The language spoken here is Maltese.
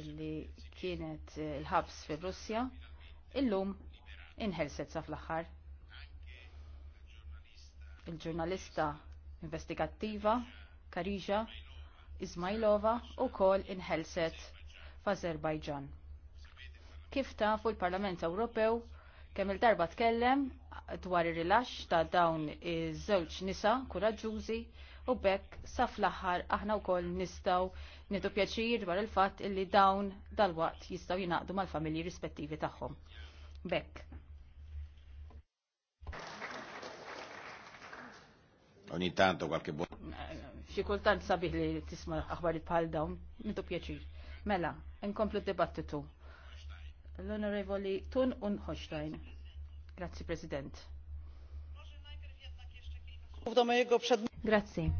illi kienet eh, il-ħabs fi Russja, illum inħelset sa fl-axħar. Il-ġurnalista investigattiva Karija Izmailova u kol inħelset f'Azerbajġan. Kif tafu l-Parlament Ewropew kemm il-darba tkellem dwar ir-rilax ta' dawn iż-żewġ nisa kuraġġużi u bekk sa fl-aħħar aħna wkoll nistgħu nidu pjaċir dwar il-fatt illi dawn dal-waqt jistgħu jingħaqdu mal-familji rispettivi tagħhom. Bekk. Ogni tanto qualche buon. Xi kultant sabiħ li tisma' aħbarijiet bħal dawn, nidu pjaċir. Mela, nkomplu d-dibattitu. L-Onorevoli Tun un Hochstein. Grazzi President. Grazie.